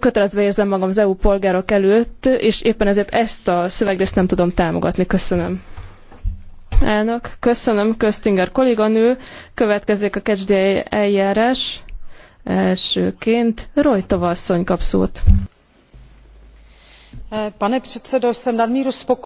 kötelezve érzem magam az EU polgárok előtt, és éppen ezért ezt a szövegrészt nem tudom támogatni. Köszönöm. Elnök, köszönöm, Köztinger kolléganő. Következik a kecsdi eljárás. Elsőként Rojtova asszony kap szót. Pane předsedo, jsem nadmíru spokojená.